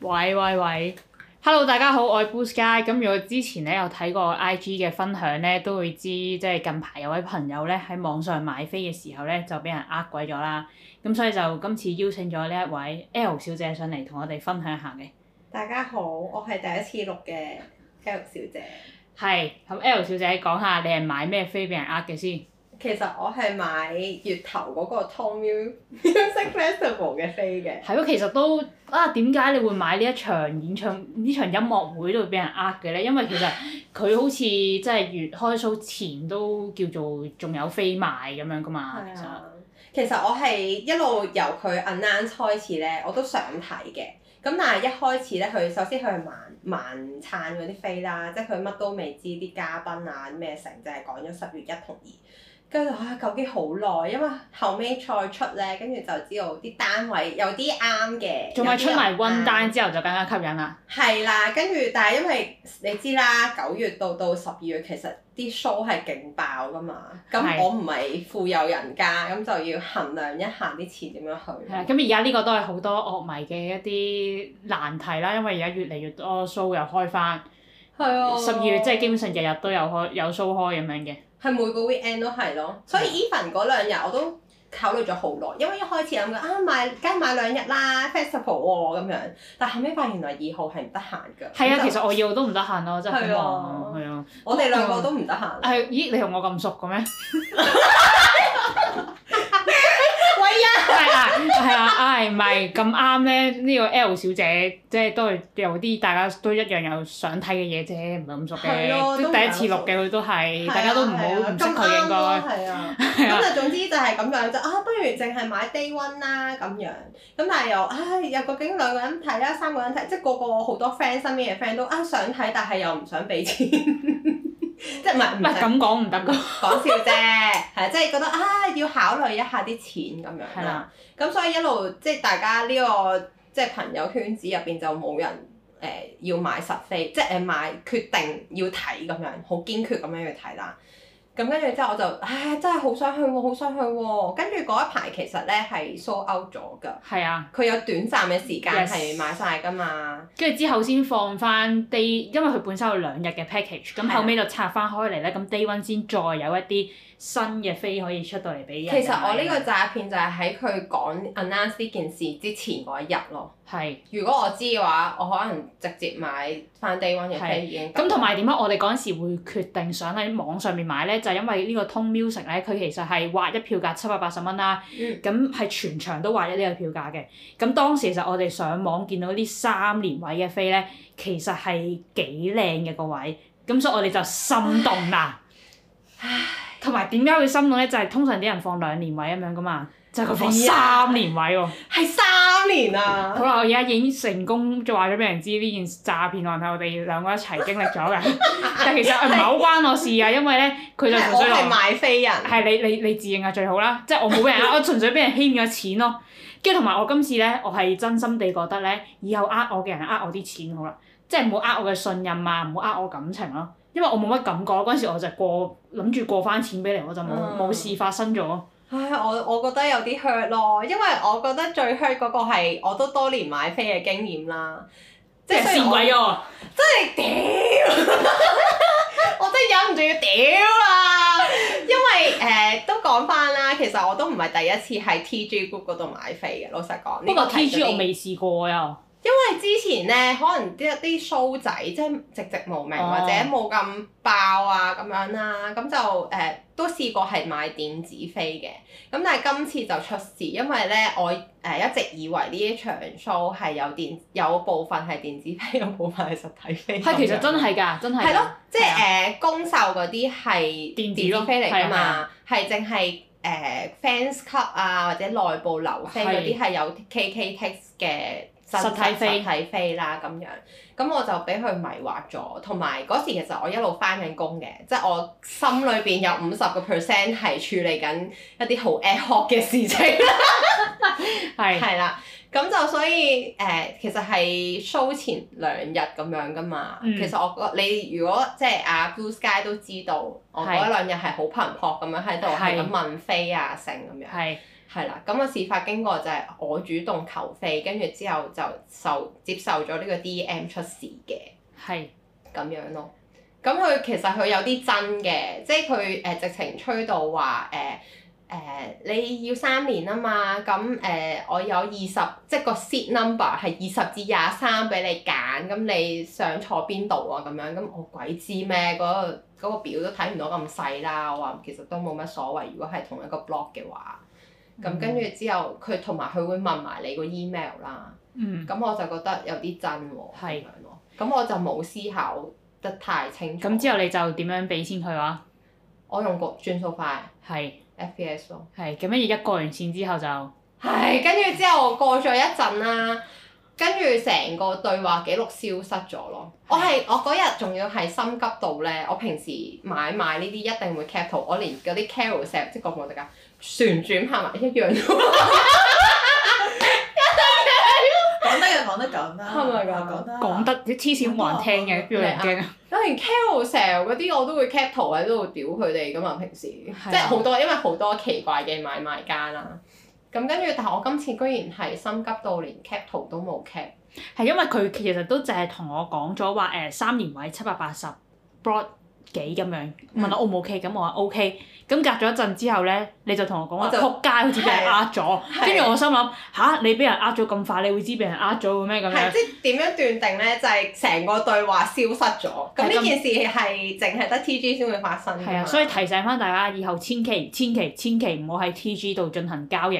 喂喂喂，hello 大家好，我係 Boost Guy。咁如果之前咧有睇過 IG 嘅分享咧，都會知即係近排有位朋友咧喺網上買飛嘅時候咧就俾人呃鬼咗啦。咁所以就今次邀請咗呢一位 L 小姐上嚟同我哋分享下嘅。大家好，我係第一次錄嘅 L 小姐。係，咁 L 小姐講下你係買咩飛俾人呃嘅先。其實我係買月頭嗰個 Tommy Music Festival 嘅飛嘅。係咯，其實都啊，點解你會買呢一場演唱呢場音樂會都會俾人呃嘅咧？因為其實佢好似即係月開 show 前都叫做仲有飛賣咁樣㗎嘛。其實，啊、其實我係一路由佢 announce 開始咧，我都想睇嘅。咁但係一開始咧，佢首先佢係盲盲撐嗰啲飛啦，即係佢乜都未知啲嘉賓啊咩成，就係講咗十月一同二。跟住啊，究竟好耐，因為後尾再出咧，跟住就知道啲單位有啲啱嘅。仲咪出埋 one 單之後，就更加吸引啦。係啦，跟住但係因為你知啦，九月到到十二月其實啲 show 係勁爆噶嘛。咁我唔係富有人家，咁的就要衡量一下啲錢點樣去。係咁而家呢個都係好多樂迷嘅一啲難題啦，因為而家越嚟越多 show 又開翻。係啊的。十二月即係基本上日日都有開有 show 開咁樣嘅。係每個 weekend 都係咯，所以 even 嗰兩日我都考慮咗好耐，因為一開始諗緊啊，買，梗係買兩日啦，festival 喎、啊、咁樣，但係後尾發現原來二號係唔得閒㗎。係啊，就其實我要都唔得閒咯，真係係啊，啊啊我哋兩個都唔得閒。係、啊、咦？你同我咁熟嘅咩？ 係 啊，唉唔係咁啱咧，剛剛呢、呢個 L 小姐即係都係有啲大家都一樣有想睇嘅嘢啫，唔係咁熟嘅， 第一次錄嘅，佢都係 大家都唔好唔識佢應該。咁就總之就係咁樣就啊，不如淨係買 day one 啦、啊、咁樣。咁、嗯、但係又唉，又究竟兩個人睇啦，三個人睇，即係個個好多 friend 身邊嘅 friend 都啊想睇，但係又唔想俾錢。 即係唔係唔係咁講唔得嘅，講笑啫，係 即係覺得啊，要考慮一下啲錢咁樣。係啦，咁所以一路即係大家呢個即係朋友圈子入邊就冇人誒、呃、要買實飛，即係誒買決定要睇咁樣，好堅決咁樣去睇啦。咁跟住之後我就，唉，真係好想去喎，好想去喎！跟住嗰一排其實咧係 sold out 咗㗎，佢、啊、有短暫嘅時間係買晒㗎嘛。跟住之後先放翻 day，因為佢本身有兩日嘅 package，咁後尾就拆翻開嚟咧，咁、啊、day one 先再有一啲新嘅飛可以出到嚟俾人。其實我呢個詐騙就係喺佢講 announce 呢件事之前嗰一日咯。係是。如果我知嘅話，我可能直接買翻 day one 嘅飛已經。咁同埋點解我哋嗰陣時會決定想喺網上面買咧？就因為呢個 Tone Music 咧，佢其實係劃一票價七百八十蚊啦。咁係、嗯、全場都劃一呢個票價嘅。咁當時其實我哋上網見到啲三連位嘅飛咧，其實係幾靚嘅個位。咁所以，我哋就心動啦。唉。同埋點解會心動咧？就係、是、通常啲人放兩連位咁樣噶嘛。三年位喎，啊，係三年啊！好啦，我而家已經成功，就話咗俾人知呢件詐騙案，係我哋兩個一齊經歷咗嘅。 但其實唔係好關我事啊， 因為咧佢就純粹係賣飛人。係你你你自認係最好啦，即、就、係、是、我冇人啦， 我純粹俾人欺騙咗錢咯。跟住同埋我今次咧，我係真心地覺得咧，以後呃我嘅人呃我啲錢好啦，即係唔好呃我嘅信任啊，唔好呃我感情咯，啊，因為我冇乜感覺。嗰陣時我就過諗住過翻錢俾你，我就冇冇、嗯、事發生咗。唉，我我覺得有啲 hurt 咯，因為我覺得最 hurt 嗰個係我都多年買飛嘅經驗啦，即係唔係喎，真係屌，我真係忍唔住要屌啦， 因為誒、呃、都講翻啦，其實我都唔係第一次喺 T G Group 嗰度買飛嘅，老實講。不過 T G 我未試過啊。 因為之前咧，可能啲啲 show 仔即係寂寂無名、哦、或者冇咁爆啊咁樣啦、啊，咁就誒、呃、都試過係買電子飛嘅，咁但係今次就出事，因為咧我誒、呃、一直以為呢場 show 係有電有部分係電子飛，有部分係實體飛。係、嗯、其實真係㗎，真係。係咯，即係誒公售嗰啲係電子飛嚟㗎嘛，係淨係誒 fans Club 啊，啊、呃、Club 啊或者內部流飛嗰啲係有 KKTIX 嘅。實體飛啦咁樣，咁我就俾佢迷惑咗。同埋嗰時其實我一路翻緊工嘅，即係我心裏邊有五十個 percent 係處理緊一啲好 ad hoc 嘅事情。係係啦，咁就的、嗯、所以誒，其實係 show 前兩日咁樣噶嘛。嗯、其實我個你如果即係啊 Blue Sky 都知道，我嗰兩日係好頻撲咁樣喺度，係咁的問飛啊成」咁樣。的係啦，咁個事發經過就係我主動求飛，跟住之後就受接受咗呢個 DM 出事嘅，係咁是樣咯。咁、嗯、佢其實佢有啲真嘅，即係佢誒直情吹到話誒誒你要三年啊嘛，咁、嗯、誒、呃、我有二十即係個 seat number 係二十至廿三俾你揀，咁、嗯、你想坐邊度啊？咁樣咁、嗯、我鬼知咩？嗰、那、嗰、個那個表都睇唔到咁細啦，我話其實都冇乜所謂，如果係同一個 block 嘅話。咁、嗯、跟住之後，佢同埋佢會問埋你個 email 啦。嗯。咁我就覺得有啲真喎、哦，咁樣是、嗯、咁我就冇思考得太清楚。咁之後你就點樣俾錢佢啊？我用個轉數快。係是。FPS 咯 F BS,。係。咁跟住一過完錢之後就。係，跟住之後過咗一陣啦，跟住成個對話記錄消失咗咯是。我係我嗰日仲要係心急到咧，我平時買賣呢啲一定會 cap 圖我連嗰啲 Carousell 即係個網站。旋轉拍埋一樣 得起， 一樣。講、oh、my 說得又講得咁啦。係得、哎呦，咁講得？講得啲黐線還聽嘅，邊個驚啊？有連 Carousel 嗰啲我都會 cap 圖喺度屌佢哋噶嘛，平時即係好多，因為好多奇怪嘅買賣間啦。咁跟住，但係我今次居然係心急到連 cap 圖都冇 cap。係因為佢其實都淨係同我講咗話誒，三年位七百八十 b r o u g h t 幾咁樣問我 O 唔 O K？咁我話 O K。咁隔咗一陣之後咧，你就同我講話撲街，就好似俾人呃咗。跟住是我心諗吓是，你俾人呃咗咁快，你會知俾人呃咗嘅咩？咁樣。即點樣斷定咧？就係、是、成個對話消失咗。咁呢件事係淨係得 TG 先會發生嘅嘛？係啊，所以提醒翻大家，以後千祈千祈千祈唔好喺 TG 度進行交易。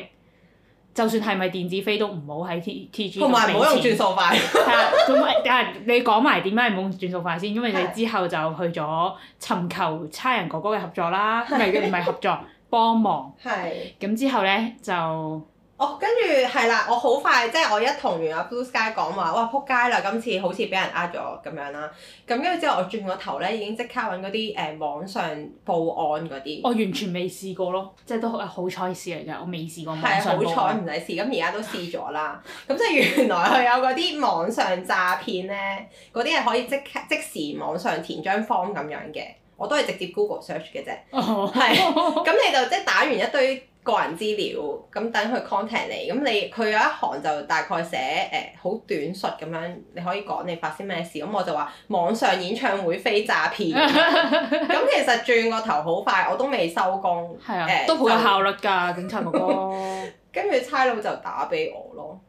就算係咪電子飛都唔好喺 TTG，唔好用轉數快。係啊，咁啊，但係你講埋點解唔好用轉數快先？因為你之後就去咗尋求差人哥哥嘅合作啦，唔係唔係合作，幫忙。係。咁之後咧就。哦，跟住係啦，我好快即係、就是、我一同完阿 Blue Sky 講話，哇撲街啦！今次好似俾人呃咗咁樣啦。咁跟住之後，我轉個頭咧，已經即刻揾嗰啲誒網上報案嗰啲。我完全未試過咯，即係都好彩試嚟嘅，我未試過網上報案。係啊，好彩唔使試，咁而家都試咗啦。咁即係原來佢有嗰啲網上詐騙咧，嗰啲係可以即即時網上填張 form 咁樣嘅。我都係直接 Google search 嘅啫，係。咁你就即係打完一堆。個人資料，咁等佢 contact 你，咁你佢有一行就大概寫誒好、呃、短述咁樣，你可以講你發生咩事，咁我就話網上演唱會飛詐騙，咁 其實轉個頭好快，我都未收工，誒、啊呃、都好有效率㗎以警察哥哥， 跟住差佬就打俾我咯。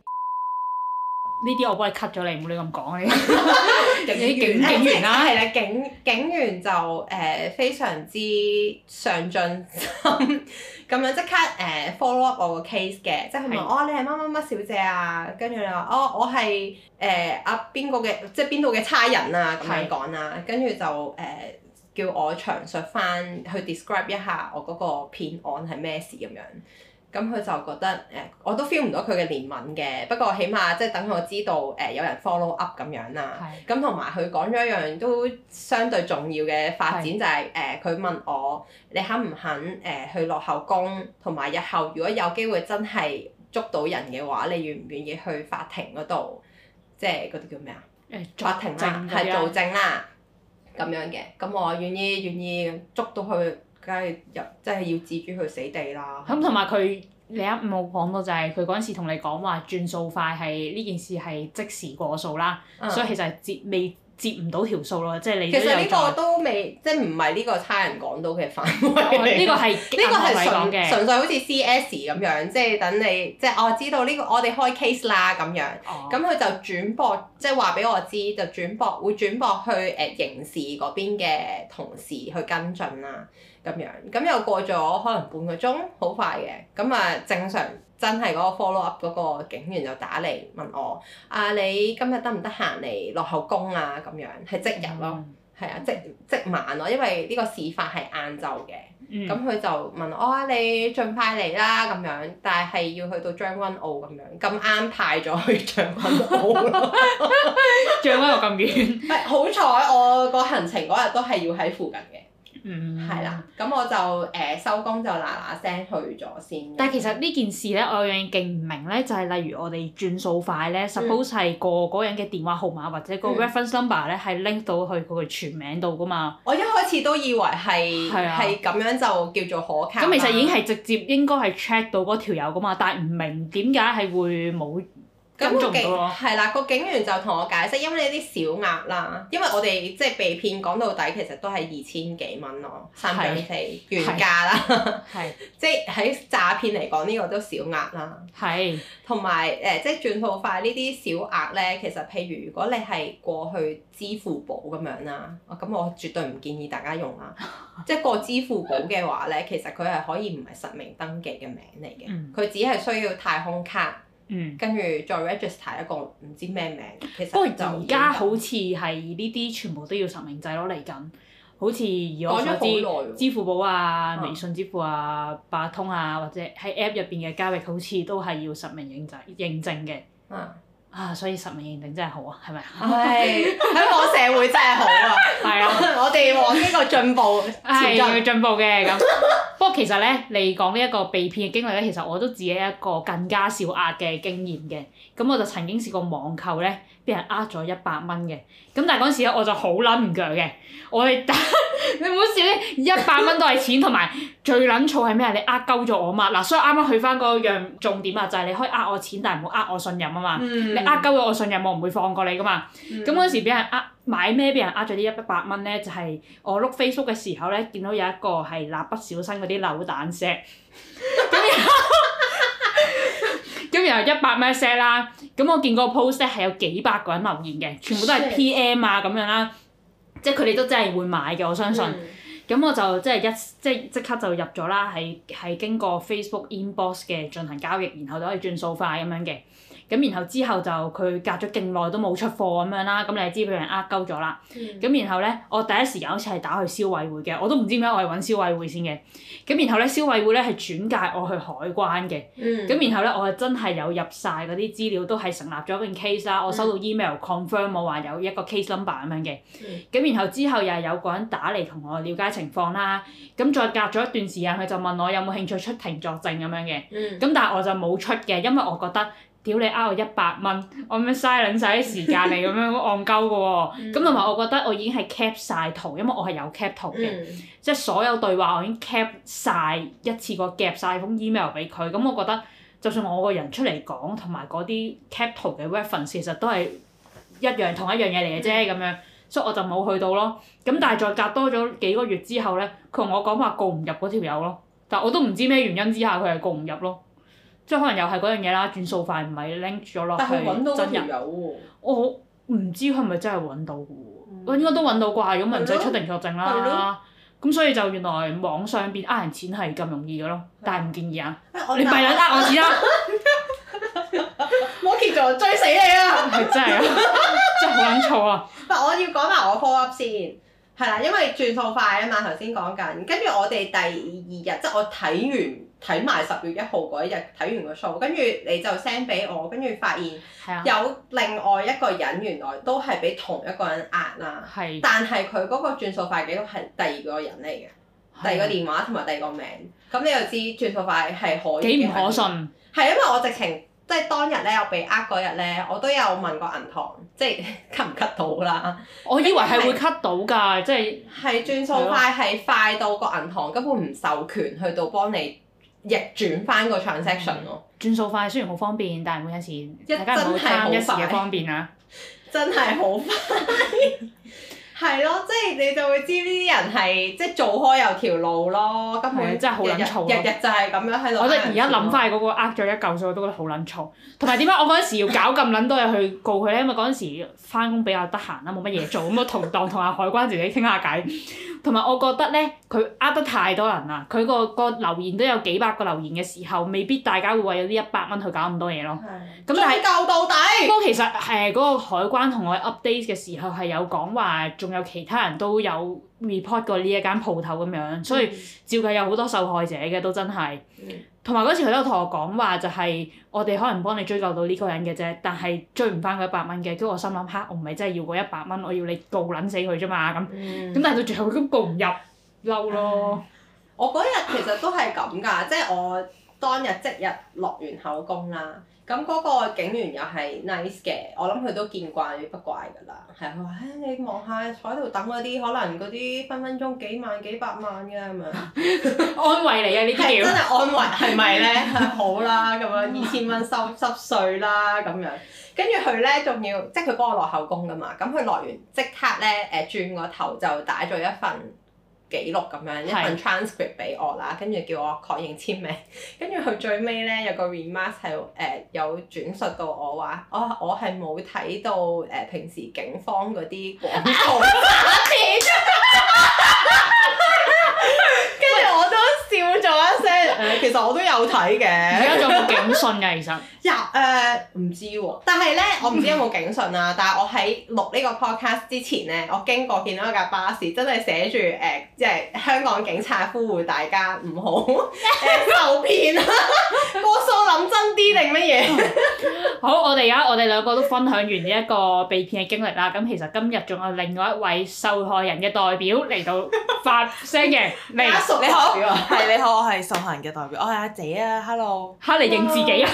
呢啲我幫你 cut 咗你，唔好亂咁講你。警 警員啦，係啦 員， 警警員就誒、uh, 非常之上進心，咁 樣即刻誒、uh, follow up 我個 case 嘅，即係佢問是哦，你係乜乜乜小姐啊，跟住你話哦，我係誒啊邊個嘅，即係邊度嘅差人啊咁樣講啊。」跟住是就誒、uh, 叫我詳述翻去 describe 一下我嗰個騙案係咩事咁樣。咁佢就覺得誒，我都 feel 唔到佢嘅憐憫嘅。不過起碼即係等我知道誒、呃，有人 follow up 咁樣啦。咁同埋佢講咗一樣都相對重要嘅發展，是就係、是、誒，佢、呃、問我你肯唔肯誒、呃、去落口供，同埋日後如果有機會真係捉到人嘅話，你願唔願意去法庭嗰度，即係嗰啲叫咩啊？做政 法庭啦係做證啦，咁做政 樣嘅。咁、嗯、我願意願意捉到佢。而家入真係要自尊去死地啦！咁同埋佢你一冇講到就係佢嗰陣時同你講話轉數快係呢件事係即時過數啦，嗯、所以其實係接未接唔到條數咯，即係你。其實呢個都未即係唔係呢個差人講到嘅範圍，呢、哦這個係呢 個係純，純純粹好似 C.S. 咁樣，嗯、即係等你即係我知道呢、這個我哋開 case 啦咁樣，咁佢、哦、就轉駁即係話俾我知，就轉駁，就轉駁會轉駁去誒刑事嗰邊嘅同事去跟進啦。咁樣，咁又過咗可能半個鐘，好快嘅。咁啊，正常真係嗰個 follow up 嗰個警員就打嚟問我：啊，你今日得唔得閒嚟落口供啊？咁樣係即日咯，係、嗯、啊，即即晚咯，因為呢個事發係晏晝嘅。咁佢、嗯、就問我：啊、你盡快嚟啦，咁樣，但係要去到將軍澳咁樣，咁啱派咗去將軍澳咯， 將軍澳咁遠。但係好彩，我個行程嗰日都係要喺附近嘅。嗯，係啦，咁我就誒收工就嗱嗱聲去咗先。但係其實呢件事咧，我有樣勁唔明咧，就係、是、例如我哋轉數快咧，suppose 係個嗰人嘅電話號碼或者個 reference number 咧，係 link、嗯、到去佢嘅全名度噶嘛。我一開始都以為係係咁樣就叫做可靠。咁其實已經係直接應該係 check 到嗰條友噶嘛，但係唔明點解係會冇。咁警係啦，個警員就同我解釋，因為呢啲小額啦，因為我哋即係被騙，講到底其實都係二千幾蚊咯，是三幾四原價啦， 即係喺詐騙嚟講呢個都小額啦。係是。同埋誒，即係轉數快呢啲小額咧，其實譬如如果你係過去支付寶咁樣啦，咁我絕對唔建議大家用啦。 即係過支付寶嘅話咧，其實佢係可以唔係實名登記嘅名嚟嘅，佢、嗯、只係需要太空卡。嗯，跟住再 register 一個唔知咩名，其實不過而家好似係呢啲全部都要實名制咯嚟緊，好似而家啲支付寶啊、微信支付啊、八達通啊，或者喺 A P P 入邊嘅交易，好似都係要實名認證認證嘅，啊啊！所以實名認定真係好啊，係咪啊？香港社會真係好啊，係啊！我哋往呢個進步進、哎，係要步嘅咁。不過 其實咧，你講呢一個被騙嘅經歷咧，其實我都自己一個更加少壓嘅經驗嘅。咁我就曾經試過網購咧，畀人呃咗一百蚊嘅。咁但係嗰陣時咧，我就好諗唔腳嘅。我哋打你唔好一百蚊都係錢，同埋最撚錯係咩？你呃鳩咗我嘛？嗱、啊，所以啱啱去翻嗰樣重點啊，就係、是、你可以呃我錢，但係唔好呃我信任啊嘛。嗯、你呃鳩咗我,我信任，我唔會放過你噶嘛。咁嗰、嗯嗯、時俾人呃買咩？俾人呃咗啲一百蚊咧，就係、是、我碌 Facebook 嘅時候咧，見到有一個係蠟筆小新嗰啲扭蛋石。咁然後一百咩石啦？咁我見嗰個 post 咧係有幾百個人留言嘅，全部都係 PM 啊咁樣啦。即係佢哋都真係會買嘅，我相信、嗯。咁我就即係一即即刻就入咗啦，係係經過 Facebook inbox 嘅進行交易，然後就可以轉數快咁樣嘅。咁然後之後就佢隔咗勁耐都冇出貨咁樣啦，咁你知俾人呃鳩咗啦。咁、嗯、然後咧，我第一時間好似係打去消委會嘅，我都唔知點解我係揾消委會先嘅。咁然後咧，消委會咧係轉介我去海關嘅。咁、嗯、然後咧，我係真係有入晒嗰啲資料，都係成立咗件 case 啦。嗯、我收到 email confirm 我話有一個 case number 咁樣嘅。咁、嗯、然後之後又係有個人打嚟同我了解情況啦。咁再隔咗一段時間，佢就問我有冇興趣出庭作證咁樣嘅。咁、嗯、但係我就冇出嘅，因為我覺得。屌你呃我一百蚊，我咁樣嘥撚晒啲時間嚟，咁樣好戇鳩嘅喎。咁同埋我覺得我已經係 cap 晒圖，因為我係有 cap 圖嘅，即係 所有對話我已經 cap 晒一次過，夾晒封 email 俾佢。咁、嗯、我覺得，就算我個人出嚟講，同埋嗰啲 cap 圖嘅 reference，其實都係一樣同一樣嘢嚟嘅啫。咁樣，所以我就冇去到咯。咁但係再隔多咗幾個月之後咧，佢同我講話告唔入嗰條友咯。但我都唔知咩原因之下佢係告唔入咯。即係可能又係嗰樣嘢啦，轉數快唔係 link 咗落去真到人，啊。我唔知佢係咪真係揾到嘅喎，嗯、我應該都揾到啩，咁唔使出定確證啦。咁的、啊、所以就原來網上邊呃人錢係咁容易嘅咯，的但係唔建議啊！欸、你咪撚呃我錢啦 摩羯座追死你 啊！係真係，真係好緊湊啊！唔我要講埋我科 o 先係啦，因為轉數快啊嘛，頭先講緊，跟住我哋第二日即係我睇完。睇埋十月一號嗰一日睇完個數，跟住你就 send 俾我，跟住發現有另外一個人原來都係俾同一個人呃啦，的但係佢嗰個轉數快嘅係第二個人嚟嘅，的第二個電話同埋第二個名，咁你又知轉數快係可幾唔可，可信？係因為我直情即係當日咧，我被呃嗰日咧，我都有問過銀行，即係 cut 唔 cut 到啦？我以為係會 cut 到㗎，即係係轉數快係快到個銀行根本唔授權去到幫你。亦、yeah，轉翻個 transaction 咯，轉數快雖然好方便，但係有時大家唔好貪一時嘅方便啊， 真係好很快。 係咯，即係 你就會知呢啲人係即係做開有條路咯。今日真係好撚嘈，日日就係咁樣喺度。我哋而家諗翻起嗰個呃咗一嚿，所以我都覺得好撚嘈。同埋點解我嗰陣時要搞咁撚多嘢去告佢咧？因為嗰陣時翻工比較得閒啦，冇乜嘢做，咁我同當同阿海關自己傾下偈。同埋 我覺得咧，佢呃得太多人啦，佢個個留言都有幾百個留言嘅時候，未必大家會為咗呢一百蚊去搞咁多嘢咯。咁的但係是。追究到底。不過其實誒，嗰、呃嗰個海關同我 update 嘅時候係有講話仲有其他人都有 report 過呢一間鋪頭咁樣，所以、嗯、照計有好多受害者嘅，都真係。同埋嗰時佢都同我講話，就係我哋可能幫你追究到呢個人嘅啫，但係追唔翻佢一百蚊嘅。跟住我心諗吓，我唔係真係要嗰一百蚊，我要你告撚死佢啫嘛咁。咁、嗯、但係到最後佢都告唔入，嬲咯、嗯嗯。我嗰日其實都係咁㗎， 即係我當日即日落完口供啦。咁嗰個警員又係 nice 嘅，我諗佢都見怪不怪㗎啦。係佢話誒，你望下坐喺度等嗰啲，可能嗰啲分分鐘幾萬幾百萬嘅係咪？是是 安慰你啊！呢啲 真係安慰，係咪咧？ 好啦，咁樣二千蚊濕濕碎啦，咁樣。跟住佢咧，仲要即係佢幫我落口供㗎嘛。咁佢落完即刻咧，誒轉個頭就打咗一份。記錄咁樣一份 transcript 俾我啦，跟住叫我確認簽名，跟住佢最尾咧，有個 remark 係、er、誒、呃、有轉述到我話、哦、我我係冇睇到誒、呃、平時警方嗰啲廣告。其實我都有睇嘅，而家仲有冇警訊㗎？其實，廿誒唔知喎、啊， 但係咧，我唔知有冇警訊啊。但係我喺錄呢個 podcast 之前咧，我經過見到一架巴士，真係寫住誒，即、uh, 係香港警察呼籲大家唔好 受騙啊，過 數諗真啲定乜嘢？ 好，我哋而家我哋兩個都分享完呢一個被騙嘅經歷啦。咁其實今日仲有另外一位受害人嘅代表嚟到發聲嘅，阿叔你好，係 你，你好，我係受害人嘅代。 我係阿姐啊，hello。嚇嚟認自己 啊！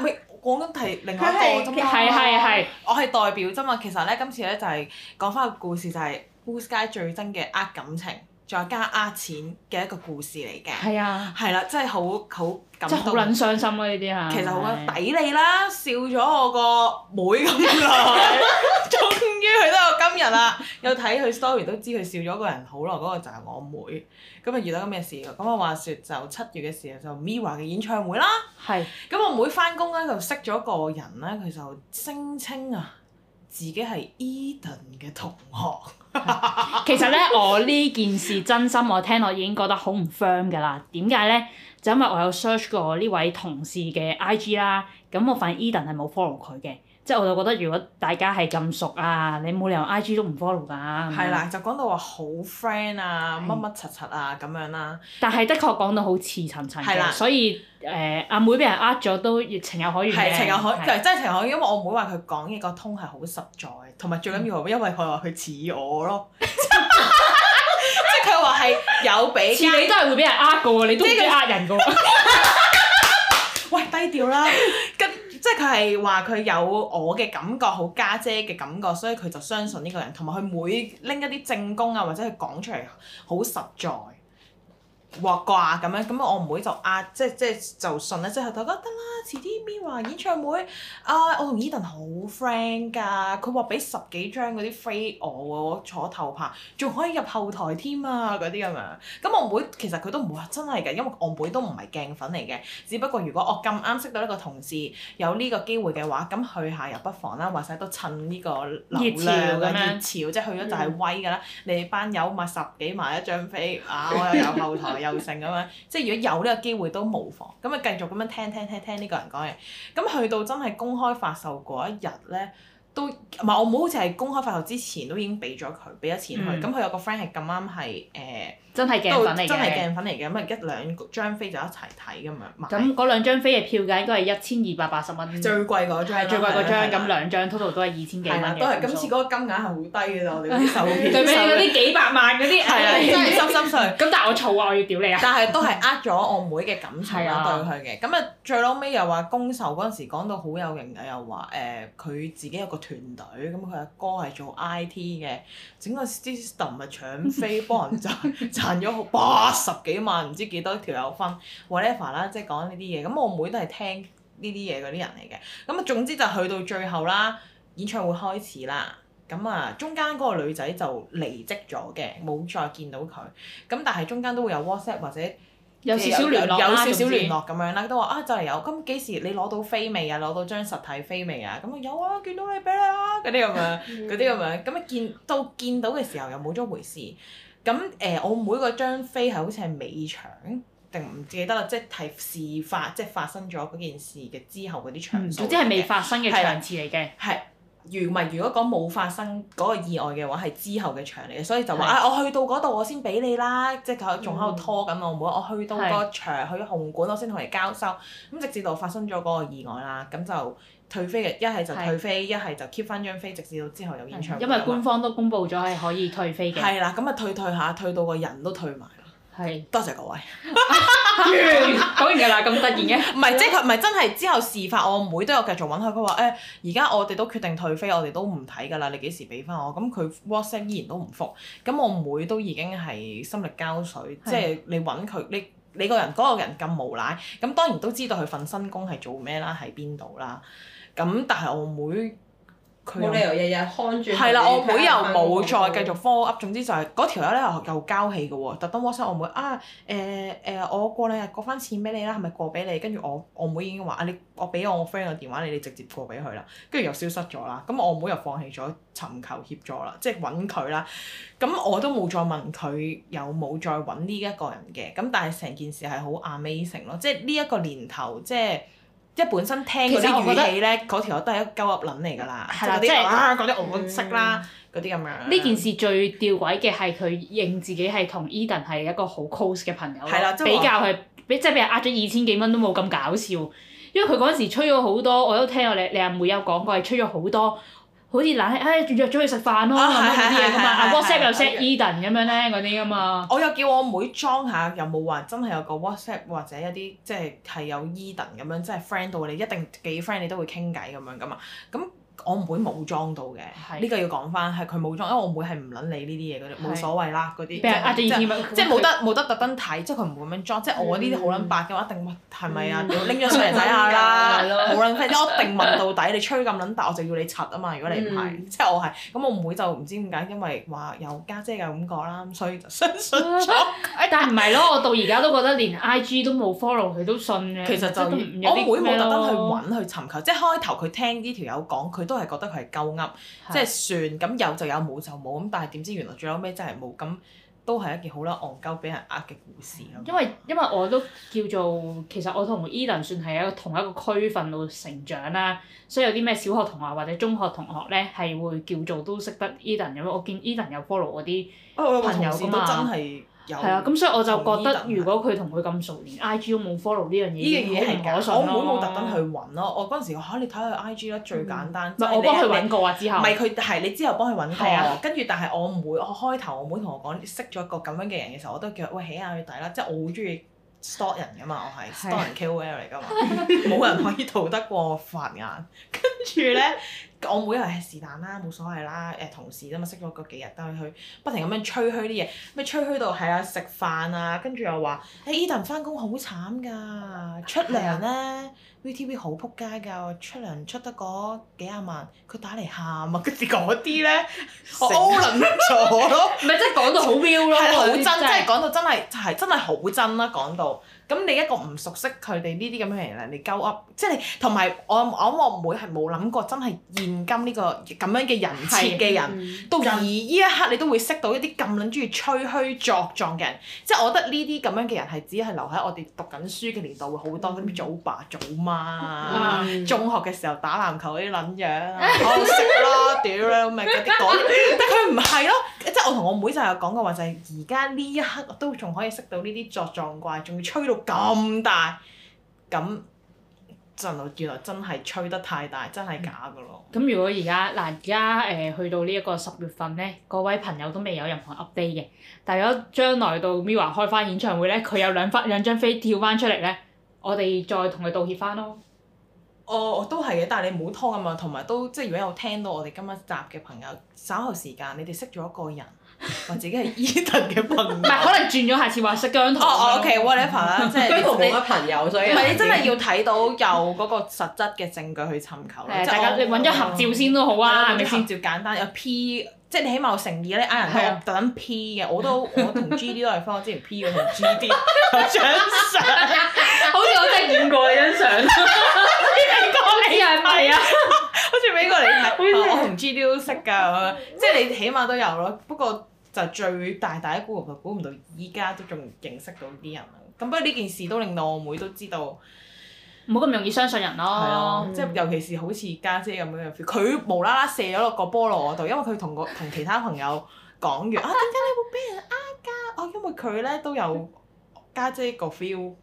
唔係講緊提另外一個啫嘛、啊。係係係。我係代表啫嘛，其實咧今次咧就係、是、講翻個故事、就是，就係烏 y 最真嘅呃感情，仲有加呃錢嘅一個故事嚟嘅。係啊。係啦、啊，真係好好感好撚傷心啦！呢啲啊，其實好抵你啦，是笑咗我個妹咁耐是。 日啦，有睇佢 story 都知佢笑咗個人好耐，嗰個就係我妹。咁啊遇到咁嘅事，咁啊話說就七月嘅時候就 MIRROR 嘅演唱會啦。係是。咁我妹翻工咧就識咗個人咧，佢就聲稱啊自己係 Edan 嘅同學。 其實咧，我呢件事真心我聽落已經覺得好唔 firm 㗎啦。點解咧？就是、因為我有 search 過呢位同事嘅 IG 啦，咁我發現 Edan 係冇 follow 佢嘅。即係我就覺得，如果大家係咁熟啊，你冇理由 I G 都唔 follow 噶。係啦、嗯啊，就講到話好 friend 啊，乜乜柒柒啊咁樣啦、啊。但係的確講到好似層層嘅，的所以誒，阿、呃、妹俾人呃咗都情有可原嘅。係情有可，就係的真情，情有可，因為我妹，妹說說話佢講嘢個通係好實在，同埋最緊要因為佢話佢似我咯。即係佢話係有比較。似你都係會俾人呃個你都中意呃人個。是 喂，低調啦。即係佢係話佢有我嘅感覺，好家姐嘅感覺，所以佢就相信呢個人，同埋佢每拎一啲證供啊，或者佢講出嚟好實在。哇掛咁、呃、樣，咁我妹就啊，即即就信咧，即後就覺得啦，遲啲 Mirror 演唱會啊，我同 Edan 好 friend 㗎，佢話俾十幾張嗰啲飛我，我坐頭排，仲可以入後台添啊，嗰啲咁樣。咁我妹其實佢都唔會話真係嘅，因為我妹都唔係鏡粉嚟嘅。只不過如果我咁啱識到一個同事有呢個機會嘅話，咁去下又不妨啦，或者都趁呢個熱潮咁樣，潮即係去咗就係威㗎啦。嗯、你班友買十幾萬一張飛，啊我又有後台。 有成咁樣，即係如果有呢個機會都無妨，咁咪繼續咁樣聽聽聽聽呢個人講嘢。咁去到真係公開發售嗰一日咧，都唔係我冇好似係公開發售之前都已經俾咗佢，俾咗錢佢。咁佢、嗯、有個 friend 係咁啱係誒。呃真係鏡粉嚟嘅，真係鏡粉嚟嘅，咁咪一兩張飛就一齊睇咁樣。咁嗰兩張飛嘅票價應該係一千二百八十蚊。最貴嗰張啦，最貴嗰張。咁兩張 total 都係二千幾蚊，都係今次嗰個金額係好低嘅咋，我哋啲手。最尾嗰啲幾百萬嗰啲，真係心心碎。咁但係我嘈話我要屌你啊！但係都係呃咗我妹嘅感情啦，對佢嘅。咁啊，最撈尾又話公售嗰陣時講到好有型啊，又話誒佢自己有個團隊，咁佢阿哥係做 IT 嘅，整個 system 係搶飛幫人賺咗八十幾萬，唔知幾多條友分，whatever 啦，即係講呢啲嘢。咁、就係、我妹，妹都係聽呢啲嘢嗰啲人嚟嘅。咁啊，總之就去到最後啦，演唱會開始啦。咁啊，中間嗰個女仔就離職咗嘅，冇再見到佢。咁但係中間都會有 WhatsApp 或者有，有少少聯絡啦，咁樣啦，都話啊就嚟有，咁幾時你攞到飛未啊？攞、啊、到，到張實體飛未啊？咁啊有啊，見到你俾你啊？嗰啲咁樣，嗰啲咁樣。咁啊 見到見到嘅時候又冇咗回事。咁誒、呃，我妹嗰張飛係好似係尾場，定唔記得啦，即係事發，即係發生咗嗰件事嘅之後嗰啲場所。總之係未發生嘅場次嚟嘅。係如，如果講冇發生嗰個意外嘅話，係之後嘅場嚟嘅，所以就話是啊，我去到嗰度我先俾你啦，即係仲喺度拖緊我妹，嗯、我去到個場是去紅館，我先同佢交收，咁直至到發生咗嗰個意外啦，咁就。退飛嘅一係就退是就飛，一係就 keep 翻張飛，直至到之後有演唱會。因為官方都公布咗係可以退飛嘅。係啦，咁啊退退下，退到個人都退埋。係的。多謝各位。講、 嗯、完㗎啦，咁突然嘅。唔係，即係佢唔係真係之後事發，我妹,妹都有繼續揾佢。佢話誒，而、欸、家我哋都決定退飛，我哋都唔睇㗎啦。你幾時俾翻我？咁佢 WhatsApp 依然都唔覆。咁我妹,妹都已經係心力交瘁，即係的你揾佢，你你個人嗰、那個人咁、那個、無賴，咁當然都知道佢份新工係做咩啦，喺邊度啦。咁但係我妹佢冇理由日日看住係啦，我妹又冇再繼續 follow up，總之就係嗰條友咧又夠交氣嘅喎。特登 WhatsApp 我妹啊，誒、欸、誒、欸，我過兩日過翻錢俾你啦，係咪過俾你？跟住我我妹已經話啊，你我俾我 friend 個電話你，你直接過俾佢啦。跟住又消失咗啦，咁我妹又放棄咗尋求協助啦，即係揾佢啦。咁我都冇再問佢有冇再揾呢一個人嘅。咁但係成件事係好 amazing 咯，即係呢一個年頭即係。即本身聽嗰啲語氣咧，嗰條友都係一鳩噏撚嚟㗎啦，的即啲是啊嗰啲惡色啦，嗰啲咁樣。呢件事最吊詭嘅係佢認自己係同 Edan 係一個好 close 嘅朋友，就是、比較係俾即係俾人呃咗二千幾蚊都冇咁搞笑，因為佢嗰陣時吹咗好多，我都聽過你你阿妹有講過係吹咗好多。好似嗱，哎約咗去食飯咯咁樣嗰啲嘢噶嘛，WhatsApp 又 set Edan 咁樣咧，嗰啲噶嘛。我又叫我妹裝下，有冇話真係有個 WhatsApp 或者一啲、即係 e、即係係有 Edan 咁樣，即係 friend 到你一定幾 friend，你都會傾偈咁樣噶嘛。咁。我妹冇裝到嘅，呢個要講翻係佢冇裝，因為我妹係唔撚理呢啲嘢嘅，冇所謂啦嗰啲。即係冇得冇得特登睇，即係佢唔會咁樣裝。即係我呢啲好撚白嘅話，一定問係咪啊？要拎咗上嚟睇下啦，好撚廢！我一定問到底，你吹咁撚大，我就要你柒啊嘛！如果你唔係，即係我係咁，我妹就唔知點解，因為話有家姐嘅感覺啦，所以就相信咗。但係唔係咯？我到而家都覺得連 I G 都冇 follow 佢都信。其實就我妹冇特登去揾去尋求，即係開頭佢聽呢條友講都係覺得佢係夠噏，是的 即係算，咁有就有，冇就冇咁。但係點知原來最後尾真係冇咁，都係一件好啦，戇鳩俾人呃嘅故事。因為因為我都叫做，其實我同 Edan 算係一個同一個區份度成長啦，所以有啲咩小學同學或者中學同學呢，係會叫做都識得 Edan 咁。我見 Edan 有 follow 嗰啲朋友咁啊。哦我係啊，咁所以我就覺得，如果佢同佢咁熟，I G 冇 follow 呢樣嘢，呢樣嘢唔可信咯。我妹冇特登去揾咯，我嗰陣時你睇下 I G 咧最簡單。我幫佢揾過啊！之後唔係，佢係你之後幫佢揾過，跟住但係我唔會，我開頭我妹同我講識咗個咁樣嘅人嘅時候，我都叫喂起下底啦，即係我好中意 stalk 人噶嘛，我係 stalk 人 K O L 嚟噶嘛，冇人可以逃得過我法眼。住咧， 我妹又係是但啦，冇所謂啦，誒同事啫嘛，識咗嗰幾日，都去不停咁樣吹噓啲嘢，咩吹噓到係啊食飯啊，跟住又話誒 Edan 翻工好慘㗎，出糧咧 VTV 好撲街㗎，出糧出得嗰幾廿萬，佢打嚟喊啊，跟住嗰啲咧我 ulen 咗咯，唔係即係講到好 real 咯，係好真，即係講到真係就係真係好真啦，講到。咁你一個唔熟悉佢哋呢啲咁樣嘅人嚟鳩 up，即係你同埋我，我諗我妹係冇諗過真係現今呢、呢個咁樣嘅人設嘅人，嗯、到而呢一刻你都會識到一啲咁撚中意吹噓作狀嘅人，即係我覺得呢啲咁樣嘅人係只係留喺我哋讀緊書嘅年代會好多，啲、嗯、早爸早媽哇中學嘅時候打籃球嗰啲撚樣，嗯、我識啦，屌啦， 咁咪啲隊，但佢唔係咯，即係我同我妹，妹就係講過話就係而家呢一刻都仲可以識到呢啲作狀怪，仲要吹到～咁大，咁就原來真係吹得太大，真係假噶咯。咁、嗯、如果而家嗱，而家誒去到呢一個十月份咧，各位朋友都未有任何 update 嘅。但係如果將來到 Mirror 開翻演唱會咧，佢有兩翻兩張飛跳翻出嚟咧，我哋再同佢道歉翻咯。哦、呃，我都係嘅，但係你唔好拖啊嘛，同埋都即係如果有聽到我哋今日集嘅朋友，稍後時間你哋識咗一個人。我自己係 Edan 嘅朋友，唔係可能轉咗，下次話識姜濤。哦，OK，WhatsApp 啦，即係同我朋友。唔係你真係要睇到有嗰個實質嘅證據去尋求大家你揾咗合照先都好啊，係咪先？合照簡單有 P，即係你起碼有誠意咧。啱人睇特登 P 嘅，我都我同 G D 都係翻我之前 P 咗同 G D 張相，好似我真係見過嘅張相。見過你係咪啊？好似俾過你我同 G D 都識㗎，即係你起碼都有咯。不過。就最大大一估，就估唔到依家都仲認識到啲人啦。咁不過呢件事都令到我妹，妹都知道，唔好咁容易相信人咯。啊嗯、即係尤其是好似家姐咁樣嘅 feel，佢無啦啦射咗落個菠蘿度，因為佢同個同其他朋友講完 啊，點解你會俾人呃㗎？哦、啊，因為佢咧都有家姐個 feel。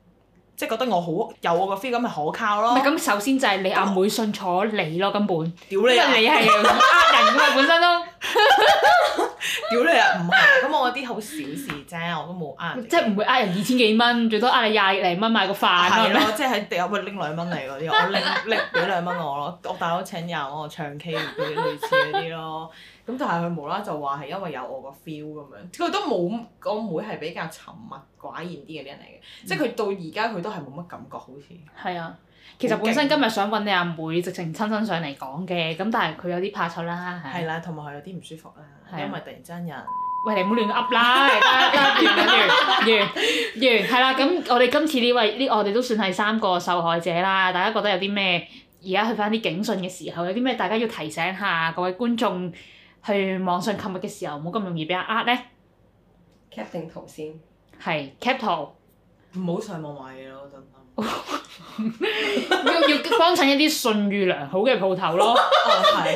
即係覺得我好有我個 feel 咁咪可靠咯。咁首先就係你阿妹，妹信錯你咯，根本。屌你啊！因為你係呃人㗎嘛本身都。屌 你啊，唔係。咁我啲好小事啫，我都冇呃。即係唔會呃人二千幾蚊，最多呃你廿零蚊買個飯。係咯、啊， 即係喺地下拎兩蚊嚟嗰啲，我拎拎俾兩蚊我咯，我大佬請人我唱 K 嗰啲類似嗰啲咯。咁但係佢無啦就話係因為有我個 feel 咁樣，佢都冇。我妹係比較沉默寡言啲嘅人嚟嘅，嗯、即係佢到而家佢都係冇乜感覺好似。係啊，厲其實本身今日想揾你阿妹，妹，直情親身上嚟講嘅，咁但係佢有啲怕醜啦。係啦、啊，同埋佢有啲唔舒服啦，因為突然真人。喂，你唔好亂噏啦， 完完完完，係啦。咁、嗯、我哋今次呢位呢，我哋都算係三個受害者啦。大家覺得有啲咩？而家去翻啲警訊嘅時候，有啲咩大家要提醒下各位觀眾？去網上購物嘅時候唔好咁容易俾人呃咧，cap 圖先。係 cap 圖。唔好上網買嘢 咯，等等、 啊。要要幫襯一啲信譽良好嘅鋪頭咯。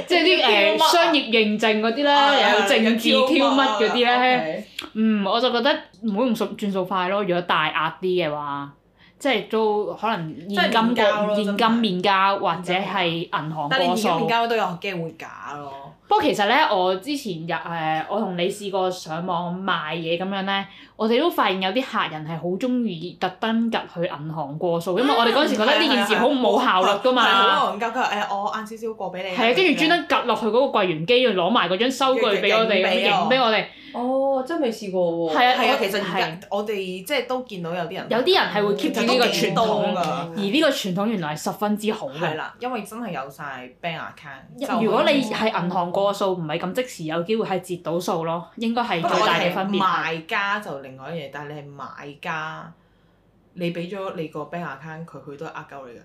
即係啲誒商業認證嗰啲啦，又、 啊、有證照挑乜嗰啲咧。 啊、嗯，我就覺得唔好用數轉數快咯，如果大額啲嘅話。即係都可能現金交，現金面交或者係銀行過數。交都有機會假咯。不過其實咧，我之前入誒，我同你試過上網賣嘢咁樣咧，我哋都發現有啲客人係好中意特登入去銀行過數，因為我哋嗰陣時覺得呢件事好冇效率㗎嘛。交佢我晏少少過俾你。係啊，跟住專登入落去嗰個櫃員機攞埋嗰張收據俾我哋，咁影俾我哋。哦，真係未試過喎！係啊，係啊，其實係我哋即係都見到有啲人有啲人係會 keep 住呢個傳統，而呢個傳統原來係十分之好嘅。係啦，因為真係有晒 bank account。如果你喺銀行過數唔係咁即時，有機會係截到數咯，應該係最大嘅分別。賣家就另外一樣嘢，但係你係賣家，你俾咗你個 bank account，佢佢都係呃鳩你㗎，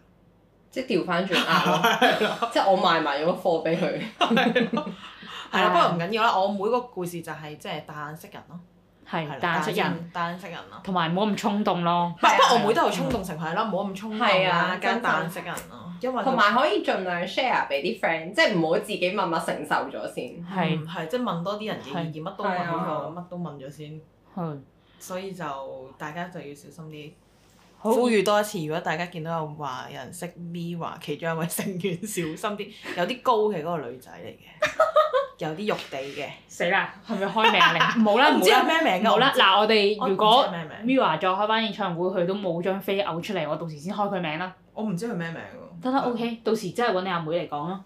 即係調翻轉啊！即係我賣埋咗個貨俾佢。係啦，不過唔緊要啦。我妹個故事就係即係帶眼識人咯，係帶眼識人，帶眼識人咯。同埋唔好咁衝動咯。唔不過我妹都有衝動成分咯，唔好咁衝動，帶眼識人咯。同埋可以盡量 share 俾啲 friend，即係唔好自己默默承受咗先。係係，即問多啲人嘅意見，乜都問咗，乜都問咗先。係。所以就大家就要小心啲。好，呼籲多一次，如果大家見到有話人識 Mirror 其中一位成員，小心啲，有啲高嘅嗰個女仔嚟嘅，有啲肉地嘅。死啦！係咪開名嚟？冇啦，唔知係咩名㗎。冇啦，嗱，我哋如果 Mirror 再開翻演唱會，佢都冇張飛嘔出嚟，我到時先開佢名啦。我唔知佢咩名㗎。得得，OK，到時真係揾你阿妹嚟講咯。